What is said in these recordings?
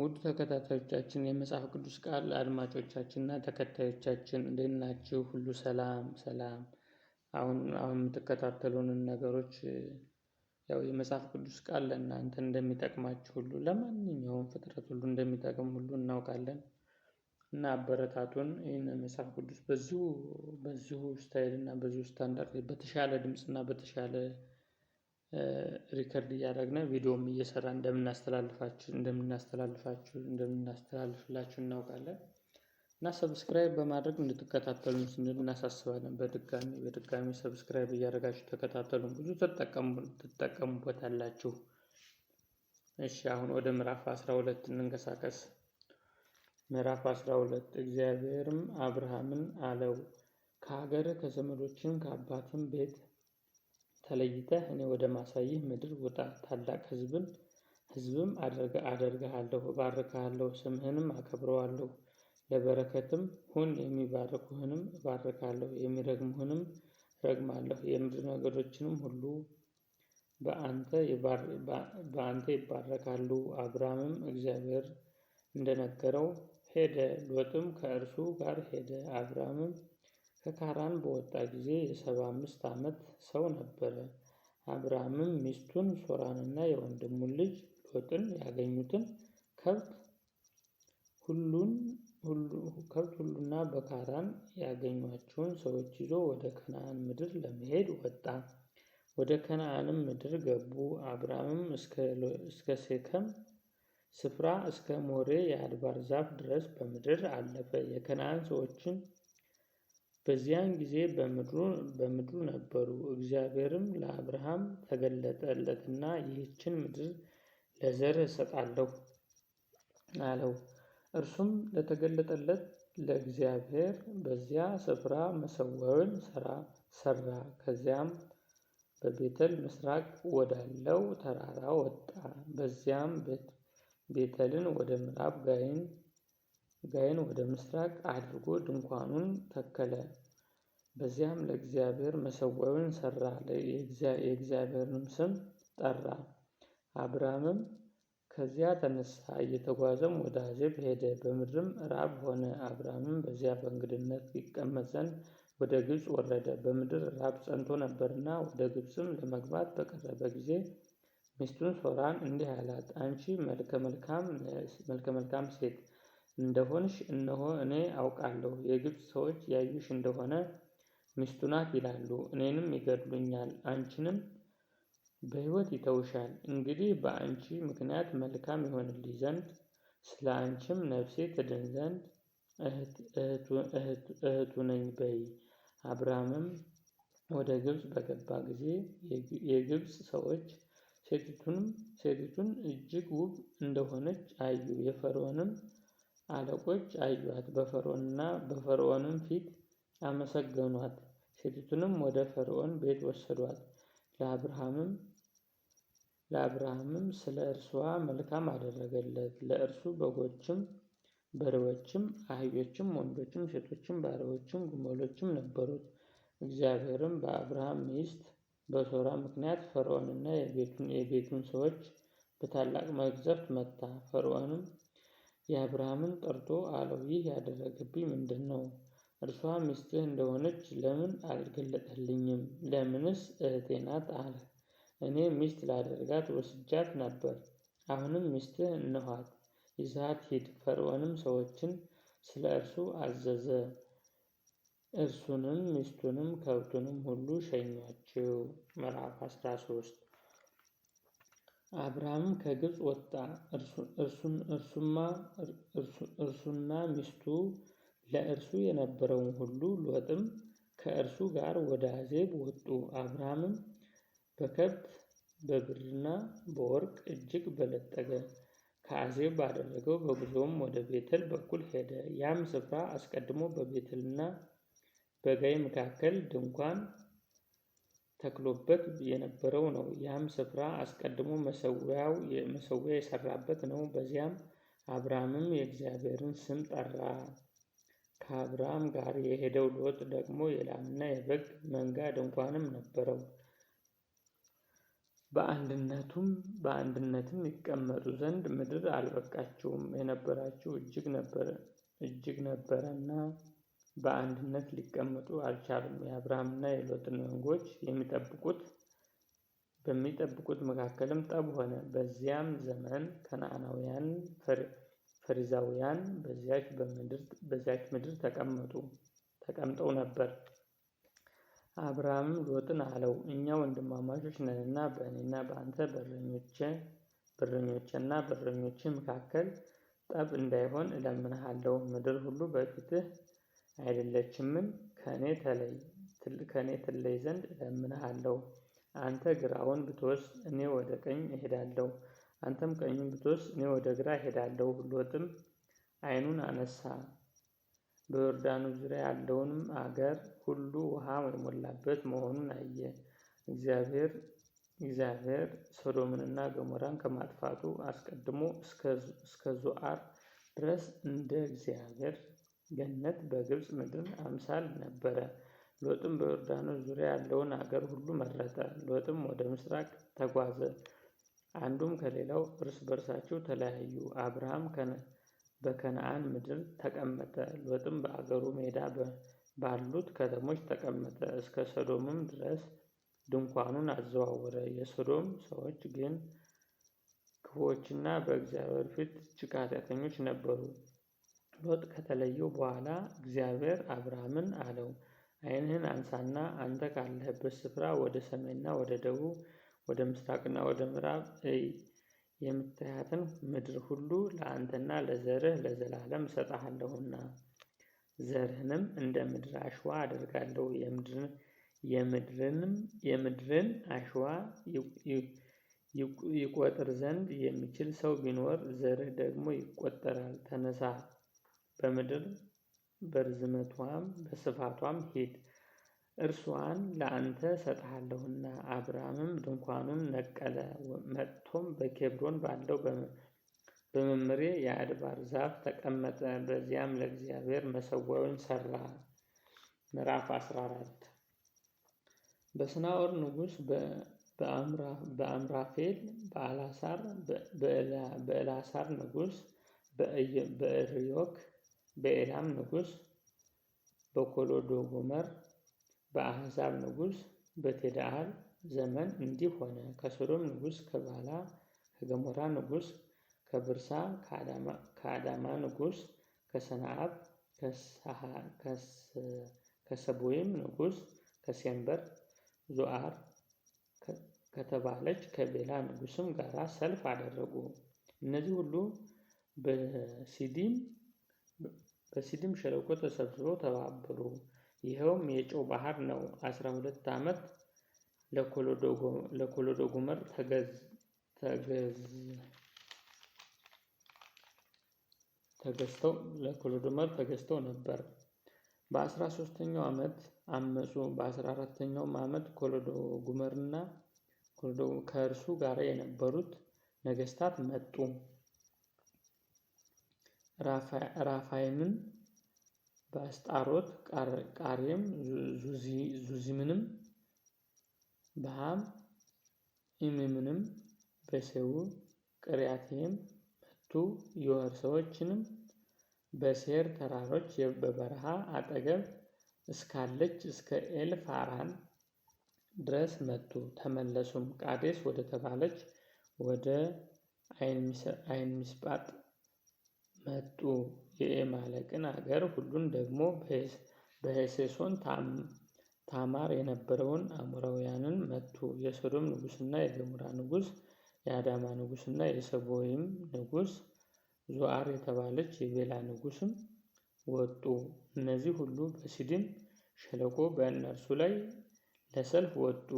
ውድ ተከታታዮቻችን የመጽሐፍ ቅዱስ ቃል አድማጮቻችንና ተከታዮቻችን እንዴት ናችሁ? ሁሉ ሰላም ሰላም። አሁን አሁን የምትከታተሉንን ነገሮች ያው የመጽሐፍ ቅዱስ ቃል ለእናንተ እንደሚጠቅማችሁ ሁሉ ለማንኛውም ፍጥረት ሁሉ እንደሚጠቅም ሁሉ እናውቃለን እና አበረታቱን። ይህን መጽሐፍ ቅዱስ በዚሁ በዚሁ ስታይል እና በዚሁ ስታንዳርድ በተሻለ ድምፅ እና በተሻለ ሪከርድ እያደረግነ ቪዲዮም እየሰራ እንደምናስተላልፋችሁ እንደምናስተላልፋችሁ እንደምናስተላልፍላችሁ እናውቃለን እና ሰብስክራይብ በማድረግ እንድትከታተሉን ስንል እናሳስባለን። በድጋሚ በድጋሚ ሰብስክራይብ እያደረጋችሁ ተከታተሉን፣ ብዙ ትጠቀሙበታላችሁ። እሺ አሁን ወደ ምዕራፍ 12 እንንቀሳቀስ። ምዕራፍ 12 እግዚአብሔርም አብርሃምን አለው ከሀገር ከዘመዶችም ከአባትም ቤት ተለይተህ እኔ ወደ ማሳይህ ምድር ውጣ። ታላቅ ህዝብን ህዝብም አደርግሃለሁ፣ እባርክሃለሁ፣ ስምህንም አከብረዋለሁ። ለበረከትም ሁን። የሚባርኩህንም እባርካለሁ፣ የሚረግሙህንም ረግማለሁ። የምድር ነገዶችንም ሁሉ በአንተ ይባረካሉ። አብርሃምም እግዚአብሔር እንደነገረው ሄደ፣ ሎጥም ከእርሱ ጋር ሄደ። አብርሃምም ከካራን በወጣ ጊዜ የሰባ አምስት ዓመት ሰው ነበረ። አብርሃምም ሚስቱን ሶራንና የወንድሙን ልጅ ሎጥን ያገኙትን ከብት ሁሉን ከብት ሁሉና በካራን ያገኟቸውን ሰዎች ይዞ ወደ ከነአን ምድር ለመሄድ ወጣ። ወደ ከነአንም ምድር ገቡ። አብርሃምም እስከ ሴከም ስፍራ እስከ ሞሬ የአድባር ዛፍ ድረስ በምድር አለፈ። የከነአን ሰዎችን በዚያን ጊዜ በምድሩ ነበሩ። እግዚአብሔርም ለአብርሃም ተገለጠለትና ይህችን ምድር ለዘር እሰጣለሁ አለው። እርሱም ለተገለጠለት ለእግዚአብሔር በዚያ ስፍራ መሰዊያውን ሰራ። ከዚያም በቤተል ምስራቅ ወዳለው ተራራ ወጣ። በዚያም ቤተልን ወደ ምዕራብ ጋይን ሥጋዬን ወደ ምስራቅ አድርጎ ድንኳኑን ተከለ። በዚያም ለእግዚአብሔር መሰዊያውን ሰራ፣ የእግዚአብሔርንም ስም ጠራ። አብርሃምም ከዚያ ተነሳ፣ እየተጓዘም ወደ አዜብ ሄደ። በምድርም ራብ ሆነ። አብርሃምም በዚያ በእንግድነት ይቀመጥ ዘንድ ወደ ግብፅ ወረደ። በምድር ራብ ጸንቶ ነበርና ወደ ግብፅም ለመግባት በቀረበ ጊዜ ሚስቱን ሶራን እንዲህ አላት፣ አንቺ መልከ መልካም ሴት እንደሆንሽ እነሆ እኔ አውቃለሁ። የግብፅ ሰዎች ያዩሽ እንደሆነ ሚስቱ ናት ይላሉ፣ እኔንም ይገድሉኛል፣ አንቺንም በሕይወት ይተውሻል። እንግዲህ በአንቺ ምክንያት መልካም ይሆንልሽ ዘንድ ስለ አንቺም ነፍሴ ትድን ዘንድ እህቱ ነኝ በይ። አብርሃምም ወደ ግብፅ በገባ ጊዜ የግብፅ ሰዎች ሴቲቱን እጅግ ውብ እንደሆነች አዩ። የፈርዖንም አለቆች አዩአት፣ በፈርዖንና በፈርዖንም ፊት አመሰገኗት። ሴቲቱንም ወደ ፈርዖን ቤት ወሰዷት። ለአብርሃምም ለአብርሃምም ስለ እርሷ መልካም አደረገለት። ለእርሱ በጎችም በሬዎችም አህዮችም ወንዶችም ሴቶችም ባሪያዎችም ግመሎችም ነበሩት። እግዚአብሔርም በአብርሃም ሚስት በሶራ ምክንያት ፈርዖንና የቤቱን ሰዎች በታላቅ መቅዘፍት መታ። ፈርዖንም የአብርሃምን ጠርቶ አለው፣ ይህ ያደረገብኝ ምንድን ነው? እርሷ ሚስትህ እንደሆነች ለምን አልገለጠልኝም? ለምንስ እህቴ ናት አለ። እኔ ሚስት ላደርጋት ወስጃት ነበር። አሁንም ሚስትህ እንኋት፣ ይዛት ሂድ። ፈርዖንም ሰዎችን ስለ እርሱ አዘዘ። እርሱንም ሚስቱንም ከብቱንም ሁሉ ሸኛችው ምዕራፍ 13 አብርሃም ከግብፅ ወጣ፣ እርሱና ሚስቱ ለእርሱ የነበረውን ሁሉ። ሎጥም ከእርሱ ጋር ወደ አዜብ ወጡ። አብርሃምም በከብት በብርና በወርቅ እጅግ በለጠገ። ከአዜብ ባደረገው በጉዞም ወደ ቤተል በኩል ሄደ። ያም ስፍራ አስቀድሞ በቤተልና በጋይ መካከል ድንኳን ተክሎበት የነበረው ነው። ያም ስፍራ አስቀድሞ መሰዊያው መሰዊያ የሰራበት ነው። በዚያም አብርሃምም የእግዚአብሔርን ስም ጠራ። ከአብርሃም ጋር የሄደው ሎጥ ደግሞ የላምና የበግ መንጋ ድንኳንም ነበረው። በአንድነቱም በአንድነትም ይቀመጡ ዘንድ ምድር አልበቃቸውም የነበራቸው እጅግ ነበረ እጅግ ነበረና በአንድነት ሊቀመጡ አልቻሉም። የአብርሃምና የሎጥን መንጎች የሚጠብቁት በሚጠብቁት መካከልም ጠብ ሆነ። በዚያም ዘመን ከነዓናውያን፣ ፈሪዛውያን በዚያች ምድር ተቀመጡ ተቀምጠው ነበር። አብርሃምም ሎጥን አለው፣ እኛ ወንድማማቾች ነንና በእኔና በአንተ በረኞቼና በረኞቼ መካከል ጠብ እንዳይሆን እለምንሃለሁ፣ ምድር ሁሉ በፊትህ አይደለችምን? ከእኔ ትለይ ዘንድ እለምንሃለሁ። አንተ ግራውን ብትወስድ እኔ ወደ ቀኝ እሄዳለሁ፣ አንተም ቀኙን ብትወስድ እኔ ወደ ግራ እሄዳለሁ። ሎጥም ዓይኑን አነሳ፣ በዮርዳኑ ዙሪያ ያለውንም አገር ሁሉ ውሃ የሞላበት መሆኑን አየ። እግዚአብሔር እግዚአብሔር ሶዶምንና ገሞራን ከማጥፋቱ አስቀድሞ እስከ ዞዓር ድረስ እንደ እግዚአብሔር ገነት በግብፅ ምድር አምሳል ነበረ። ሎጥም በዮርዳኖስ ዙሪያ ያለውን አገር ሁሉ መረጠ። ሎጥም ወደ ምስራቅ ተጓዘ። አንዱም ከሌላው እርስ በርሳቸው ተለያዩ። አብርሃም በከነአን ምድር ተቀመጠ። ሎጥም በአገሩ ሜዳ ባሉት ከተሞች ተቀመጠ። እስከ ሰዶምም ድረስ ድንኳኑን አዘዋወረ። የሰዶም ሰዎች ግን ክፉዎችና በእግዚአብሔር ፊት እጅግ ኃጢአተኞች ነበሩ። ሎጥ ከተለየው በኋላ እግዚአብሔር አብርሃምን አለው፣ ዓይንህን አንሳና አንተ ካለህበት ስፍራ ወደ ሰሜንና ወደ ደቡብ፣ ወደ ምስራቅና ወደ ምዕራብ እይ። የምታያትን ምድር ሁሉ ለአንተና ለዘርህ ለዘላለም እሰጥሃለሁና ዘርህንም እንደ ምድር አሸዋ አደርጋለሁ፣ የምድርን አሸዋ ይቆጥር ዘንድ የሚችል ሰው ቢኖር ዘርህ ደግሞ ይቆጠራል። ተነሳ በምድር በርዝመቷም በስፋቷም ሂድ እርሷን ለአንተ ሰጥሃለሁና። አብርሃምም ድንኳኑን ነቀለ፣ መጥቶም በኬብሮን ባለው በመምሬ የአድባር ዛፍ ተቀመጠ። በዚያም ለእግዚአብሔር መሰዊያውን ሰራ። ምዕራፍ 14 በስናወር ንጉሥ በአምራፌል በአላሳር በእላሳር ንጉሥ በእርዮክ በኤላም ንጉስ በኮሎዶ ጎመር በአህዛብ ንጉስ በቴዳአል ዘመን እንዲህ ሆነ። ከሶዶም ንጉስ ከባላ ከገሞራ ንጉስ ከብርሳ ከአዳማ ንጉስ ከሰነአብ ከሰቦይም ንጉስ ከሴንበር ዞአር ከተባለች ከቤላ ንጉስም ጋር ሰልፍ አደረጉ። እነዚህ ሁሉ በሲዲም በሲድም ሸለቆ ተሰብስበው ተባበሩ። ይኸውም የጨው ባህር ነው። 12 ዓመት ለኮሎዶ ጎመር ተገዝተው ነበር። በ 13 ሶስተኛው ዓመት አመፁ። 14 ኛው ዓመት ኮሎዶጉመርና ከእርሱ ጋር የነበሩት ነገስታት መጡ። ራፋይምን በአስጣሮት ቃሬም ዙዚምንም በሃም ኢምምንም በሴው ቅሪያቴም መቱ። የወር ሰዎችንም በሴር ተራሮች በበረሃ አጠገብ እስካለች እስከ ኤል ፋራን ድረስ መጡ። ተመለሱም ቃዴስ ወደ ተባለች ወደ አይንሚስጳጥ መጡ። የኤማለቅን አገር ሁሉን ደግሞ በሄሴሶን ታማር የነበረውን አሞራውያንን መቱ። የሶዶም ንጉሥና የገሞራ ንጉሥ የአዳማ ንጉሥና የሰቦይም ንጉሥ ዞአር የተባለች የቤላ ንጉሥም ወጡ። እነዚህ ሁሉ በሲዲም ሸለቆ በእነርሱ ላይ ለሰልፍ ወጡ።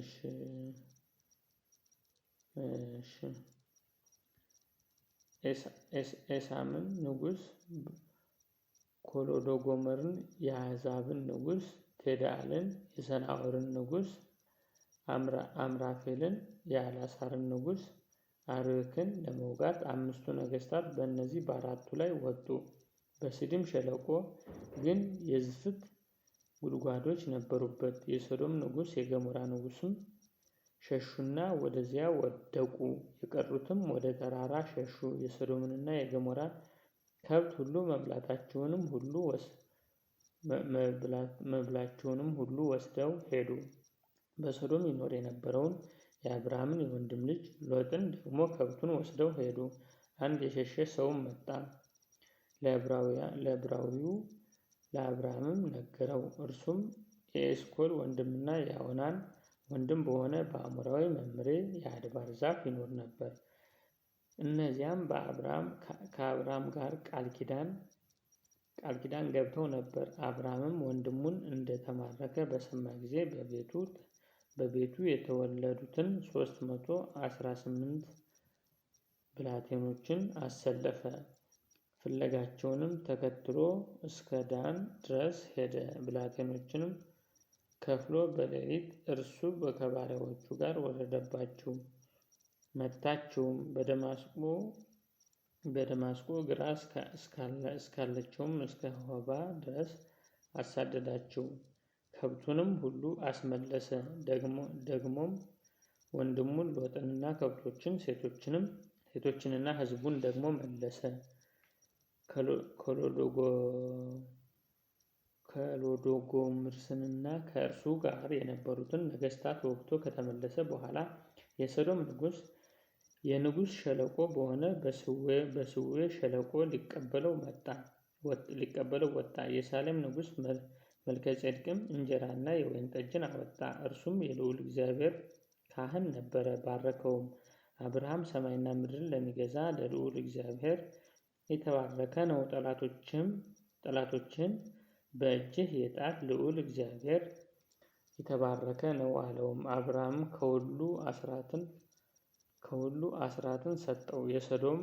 እሺ እሺ ኤሳምን ንጉስ ኮሎዶጎመርን፣ የአሕዛብን ንጉስ ቴዳልን፣ የሰናዖርን ንጉስ፣ አምራፌልን፣ የአላሳርን ንጉስ አርዮክን ለመውጋት አምስቱ ነገሥታት በእነዚህ በአራቱ ላይ ወጡ። በሲዲም ሸለቆ ግን የዝፍት ጉድጓዶች ነበሩበት። የሶዶም ንጉስ የገሞራ ንጉስም። ሸሹና ወደዚያ ወደቁ። የቀሩትም ወደ ተራራ ሸሹ። የሰዶምንና የገሞራን ከብት ሁሉ መብላታቸውንም ሁሉ መብላቸውንም ሁሉ ወስደው ሄዱ። በሰዶም ይኖር የነበረውን የአብርሃምን የወንድም ልጅ ሎጥን ደግሞ ከብቱን ወስደው ሄዱ። አንድ የሸሸ ሰውም መጣ፣ ለዕብራዊው ለአብርሃምም ነገረው። እርሱም የኤስኮል ወንድምና የአውናን ወንድም በሆነ በአሞራዊ መምሬ የአድባር ዛፍ ይኖር ነበር። እነዚያም ከአብርሃም ጋር ቃል ኪዳን ቃል ኪዳን ገብተው ነበር። አብርሃምም ወንድሙን እንደተማረከ በሰማ ጊዜ በቤቱ በቤቱ የተወለዱትን ሶስት ብላቴኖችን አሰለፈ። ፍለጋቸውንም ተከትሎ እስከ ዳን ድረስ ሄደ። ብላቴኖችንም ከፍሎ በሌሊት እርሱ ከባሪያዎቹ ጋር ወረደባችሁ፣ መታችሁም። በደማስቆ ግራ እስካለችውም እስከ ሆባ ድረስ አሳደዳችሁ። ከብቱንም ሁሉ አስመለሰ። ደግሞም ወንድሙን ሎጥንና ከብቶችን ሴቶችንም ሴቶችንና ሕዝቡን ደግሞ መለሰ። ከሎዶጎ ከሎዶጎምርስንና ከእርሱ ጋር የነበሩትን ነገስታት ወግቶ ከተመለሰ በኋላ የሰዶም ንጉስ የንጉሥ ሸለቆ በሆነ በስዌ ሸለቆ ሊቀበለው ወጣ። የሳሌም ንጉሥ መልከጼዴቅም እንጀራና የወይን ጠጅን አወጣ። እርሱም የልዑል እግዚአብሔር ካህን ነበረ፣ ባረከውም። አብርሃም ሰማይና ምድርን ለሚገዛ ለልዑል እግዚአብሔር የተባረከ ነው። ጠላቶችን በእጅህ የጣት ልዑል እግዚአብሔር የተባረከ ነው አለውም። አብርሃም ከሁሉ አስራትን ከሁሉ አስራትን ሰጠው። የሰዶም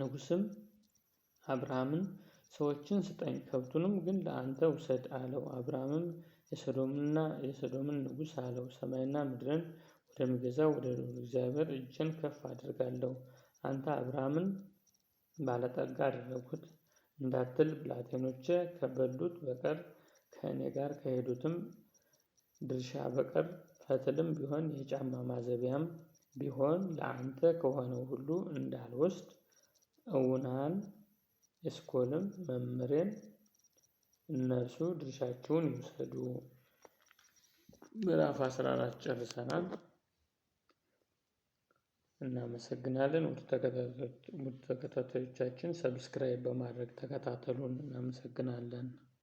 ንጉስም አብርሃምን ሰዎችን ስጠኝ ከብቱንም ግን ለአንተ ውሰድ አለው። አብርሃምም የሰዶምና የሰዶምን ንጉስ አለው ሰማይና ምድርን ወደሚገዛ ወደ ልዑል እግዚአብሔር እጅን ከፍ አድርጋለሁ። አንተ አብርሃምን ባለጠጋ አደረጉት እንዳትል ብላቴኖቼ ከበሉት በቀር ከእኔ ጋር ከሄዱትም ድርሻ በቀር ፈትልም ቢሆን የጫማ ማዘቢያም ቢሆን ለአንተ ከሆነው ሁሉ እንዳልወስድ እውናን እስኮልም መምሬን እነርሱ ድርሻቸውን ይውሰዱ። ምዕራፍ 14 ጨርሰናል። እናመሰግናለን ውድ ተከታታዮቻችን ሰብስክራይብ በማድረግ ተከታተሉን እናመሰግናለን